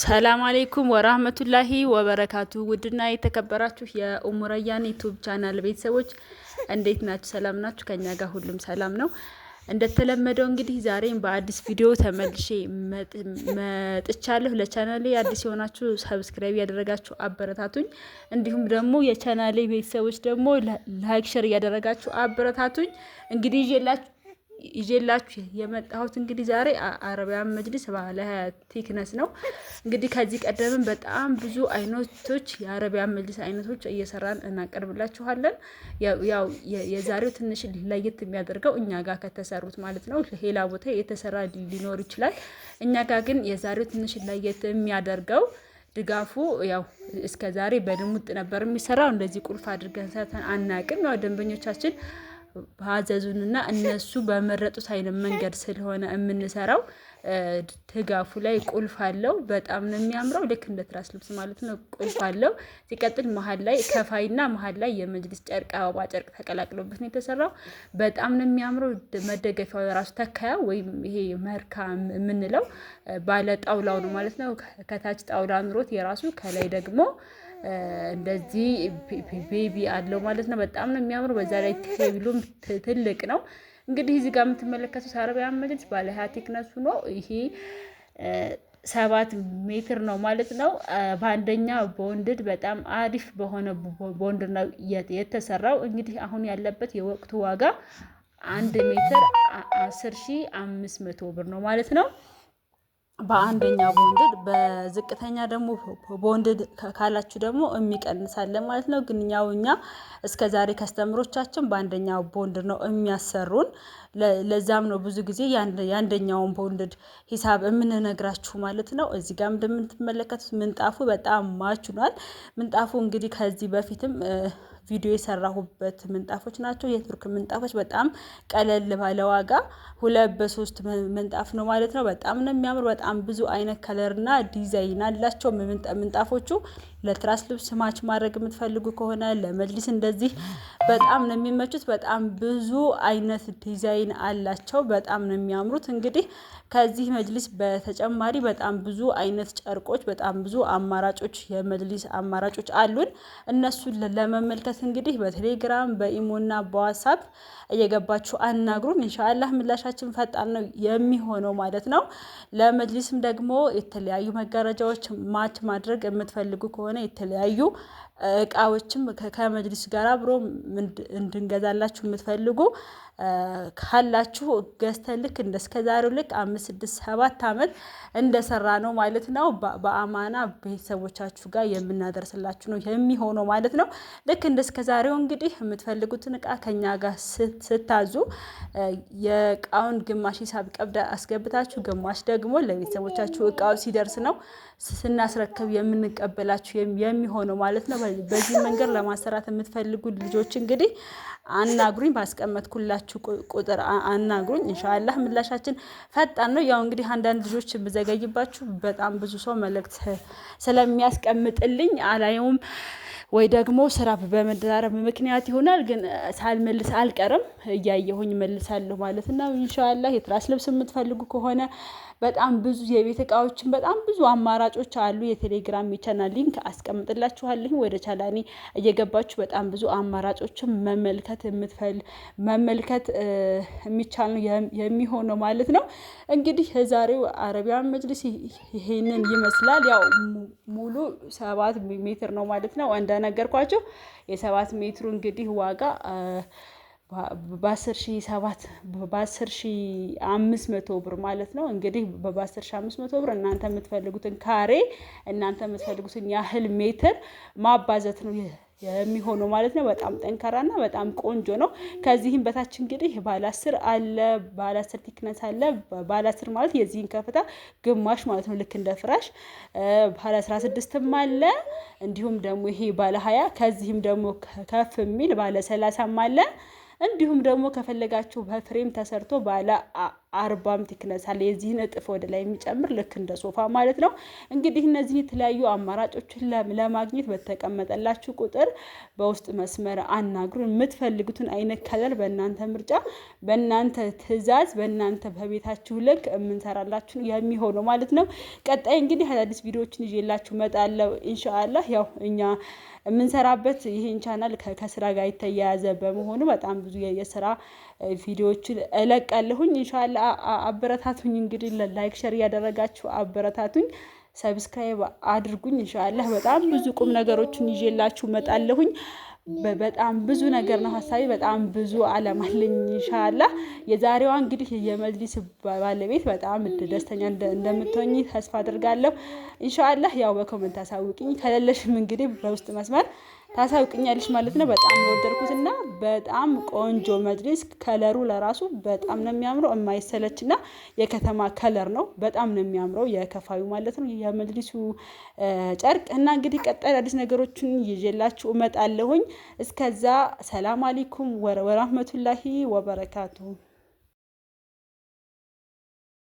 ሰላም አሌይኩም ወራህመቱላሂ ወበረካቱ። ውድና የተከበራችሁ የኡሙረያን ዩቱብ ቻናል ቤተሰቦች እንዴት ናችሁ? ሰላም ናችሁ? ከኛ ጋር ሁሉም ሰላም ነው። እንደተለመደው እንግዲህ ዛሬም በአዲስ ቪዲዮ ተመልሼ መጥቻለሁ። ለቻናሌ አዲስ የሆናችሁ ሰብስክራይብ ያደረጋችሁ አበረታቱኝ። እንዲሁም ደግሞ የቻናሌ ቤተሰቦች ደግሞ ላይክ፣ ሸር እያደረጋችሁ አበረታቱኝ። እንግዲህ ይዤላችሁ ይዤላችሁ የመጣሁት እንግዲህ ዛሬ አረቢያን መጅሊስ ባለ ቲክነስ ነው። እንግዲህ ከዚህ ቀደምም በጣም ብዙ አይነቶች የአረቢያን መጅሊስ አይነቶች እየሰራን እናቀርብላችኋለን። ያው የዛሬው ትንሽ ለየት የሚያደርገው እኛ ጋር ከተሰሩት ማለት ነው። ሌላ ቦታ የተሰራ ሊኖር ይችላል። እኛ ጋር ግን የዛሬው ትንሽ ለየት የሚያደርገው ድጋፉ ያው እስከ ዛሬ በልሙጥ ነበር የሚሰራው። እንደዚህ ቁልፍ አድርገን ሰርተን አናቅም። ያው ደንበኞቻችን ሀዘዙንና እነሱ በመረጡት አይነት መንገድ ስለሆነ የምንሰራው ትጋፉ ላይ ቁልፍ አለው። በጣም ነው የሚያምረው። ልክ እንደ ትራስ ልብስ ማለት ነው። ቁልፍ አለው። ሲቀጥል መሀል ላይ ከፋይና መሀል ላይ የመጅልስ ጨርቅ አበባ ጨርቅ ተቀላቅሎበት ነው የተሰራው። በጣም ነው የሚያምረው። መደገፊያው የራሱ ተካያ ወይም ይሄ መርካ የምንለው ባለ ጣውላው ነው ማለት ነው። ከታች ጣውላ ኑሮት የራሱ ከላይ ደግሞ እንደዚህ ቤቢ አለው ማለት ነው። በጣም ነው የሚያምረው። በዛ ላይ ቴብሉም ትልቅ ነው። እንግዲህ እዚህ ጋር የምትመለከቱት አረቢያ መጅልስ ባለ ሀያ ቴክነሱ ነው። ይሄ ሰባት ሜትር ነው ማለት ነው። በአንደኛ ቦንድድ በጣም አሪፍ በሆነ ቦንድ ነው የተሰራው። እንግዲህ አሁን ያለበት የወቅቱ ዋጋ አንድ ሜትር አስር ሺ አምስት መቶ ብር ነው ማለት ነው። በአንደኛ ቦንድድ በዝቅተኛ ደግሞ ቦንድድ ካላችሁ ደግሞ የሚቀንሳለን ማለት ነው። ግን ያው እኛ እስከ ዛሬ ከስተምሮቻችን በአንደኛ ቦንድ ነው የሚያሰሩን። ለዛም ነው ብዙ ጊዜ የአንደኛውን ቦንድድ ሂሳብ የምንነግራችሁ ማለት ነው። እዚህ ጋር እንደምትመለከቱት ምንጣፉ በጣም ማችኗል። ምንጣፉ እንግዲህ ከዚህ በፊትም ቪዲዮ የሰራሁበት ምንጣፎች ናቸው። የቱርክ ምንጣፎች በጣም ቀለል ባለ ዋጋ ሁለት በሶስት ምንጣፍ ነው ማለት ነው። በጣም ነው የሚያምር። በጣም ብዙ አይነት ከለርና ዲዛይን አላቸው ምንጣፎቹ። ለትራስ ልብስ ማች ማድረግ የምትፈልጉ ከሆነ ለመጅሊስ እንደዚህ በጣም ነው የሚመቹት። በጣም ብዙ አይነት ዲዛይን አላቸው። በጣም ነው የሚያምሩት። እንግዲህ ከዚህ መጅሊስ በተጨማሪ በጣም ብዙ አይነት ጨርቆች፣ በጣም ብዙ አማራጮች የመጅሊስ አማራጮች አሉን እነሱን ለመመልከት አስተያየት እንግዲህ በቴሌግራም በኢሞና በዋትሳፕ እየገባችሁ አናግሩን። እንሻአላህ ምላሻችን ፈጣን ነው የሚሆነው ማለት ነው። ለመጅሊስም ደግሞ የተለያዩ መጋረጃዎች ማች ማድረግ የምትፈልጉ ከሆነ የተለያዩ እቃዎችም ከመጅሊስ ጋር አብሮ እንድንገዛላችሁ የምትፈልጉ ካላችሁ ገዝተ ልክ እንደ እስከዛሬው ልክ አምስት ስድስት ሰባት አመት እንደሰራ ነው ማለት ነው። በአማና ቤተሰቦቻችሁ ጋር የምናደርስላችሁ ነው የሚሆነው ማለት ነው። ልክ እንደ እንግዲህ የምትፈልጉትን እቃ ከኛ ጋር ስታዙ የእቃውን ግማሽ ሂሳብ ቀብዳ አስገብታችሁ ግማሽ ደግሞ ለቤተሰቦቻችሁ እቃው ሲደርስ ነው ስናስረክብ የምንቀበላችሁ የሚሆነው ማለት ነው። በዚህ መንገድ ለማሰራት የምትፈልጉ ልጆች እንግዲህ አናግሩኝ ባስቀመጥኩላችሁ ባላችሁ ቁጥር አናግሩኝ። እንሻላህ ምላሻችን ፈጣን ነው። ያው እንግዲህ አንዳንድ ልጆች የምዘገይባችሁ በጣም ብዙ ሰው መልእክት ስለሚያስቀምጥልኝ አላየውም ወይ ደግሞ ስራ በመደራረብ ምክንያት ይሆናል። ግን ሳልመልስ አልቀርም፣ እያየሁኝ መልሳለሁ ማለት ነው። ኢንሻላህ የትራስ ልብስ የምትፈልጉ ከሆነ በጣም ብዙ የቤት እቃዎችን በጣም ብዙ አማራጮች አሉ። የቴሌግራም የቻናል ሊንክ አስቀምጥላችኋለኝ። ወደ ቻላኒ እየገባችሁ በጣም ብዙ አማራጮችን መመልከት የምትፈል መመልከት የሚቻል የሚሆነው ማለት ነው። እንግዲህ የዛሬው አረቢያን መጅልስ ይሄንን ይመስላል። ያው ሙሉ ሰባት ሜትር ነው ማለት ነው እንደነገርኳቸው የሰባት ሜትሩ እንግዲህ ዋጋ በአስር ሺ ሰባት በአስር አምስት መቶ ብር ማለት ነው እንግዲህ በአስር ሺህ አምስት መቶ ብር እናንተ የምትፈልጉትን ካሬ እናንተ የምትፈልጉትን ያህል ሜትር ማባዘት ነው የሚሆነው ማለት ነው። በጣም ጠንካራና በጣም ቆንጆ ነው። ከዚህም በታች እንግዲህ ባለ አስር አለ፣ ባለ አስር ቲክነስ አለ። ባለ አስር ማለት የዚህን ከፍታ ግማሽ ማለት ነው፣ ልክ እንደ ፍራሽ። ባለ አስራ ስድስትም አለ፣ እንዲሁም ደግሞ ይሄ ባለ ሀያ ከዚህም ደግሞ ከፍ የሚል ባለ ሰላሳም አለ። እንዲሁም ደግሞ ከፈለጋችሁ በፍሬም ተሰርቶ ባለ አርባም ቲክነስ አለ። የዚህን እጥፍ ወደ ላይ የሚጨምር ልክ እንደ ሶፋ ማለት ነው። እንግዲህ እነዚህ የተለያዩ አማራጮችን ለማግኘት በተቀመጠላችሁ ቁጥር በውስጥ መስመር አናግሩ። የምትፈልጉትን አይነት ከለር በእናንተ ምርጫ፣ በእናንተ ትዕዛዝ፣ በእናንተ በቤታችሁ ልክ የምንሰራላችሁ የሚሆነው ማለት ነው። ቀጣይ እንግዲህ አዳዲስ ቪዲዮዎችን ይዤላችሁ እመጣለሁ ኢንሻአላህ። ያው እኛ የምንሰራበት ይህን ቻናል ከስራ ጋር የተያያዘ በመሆኑ በጣም ብዙ የስራ ቪዲዮዎችን እለቃለሁኝ። ኢንሻላ አበረታቱኝ። እንግዲህ ላይክ ሸር እያደረጋችሁ አበረታቱኝ፣ ሰብስክራይብ አድርጉኝ። ኢንሻላ በጣም ብዙ ቁም ነገሮችን ይዤላችሁ መጣለሁኝ። በጣም ብዙ ነገር ነው ሀሳቢ፣ በጣም ብዙ አለም አለኝ። የዛሬዋ እንግዲህ የመጅሊስ ባለቤት በጣም ደስተኛ እንደምትሆኝ ተስፋ አድርጋለሁ። እንሻላ ያው በኮመንት አሳውቅኝ፣ ከሌለሽም እንግዲህ በውስጥ መስመር ታሳውቅኛለሽ ማለት ነው። በጣም የወደድኩት እና በጣም ቆንጆ መጅሊስ፣ ከለሩ ለራሱ በጣም ነው የሚያምረው። የማይሰለች እና የከተማ ከለር ነው። በጣም ነው የሚያምረው የከፋዩ ማለት ነው የመጅሊሱ ጨርቅ እና እንግዲህ ቀጣይ አዲስ ነገሮችን ይዤላችሁ እመጣለሁኝ። እስከዛ ሰላም አለይኩም ወረህመቱላሂ ወበረካቱሁ።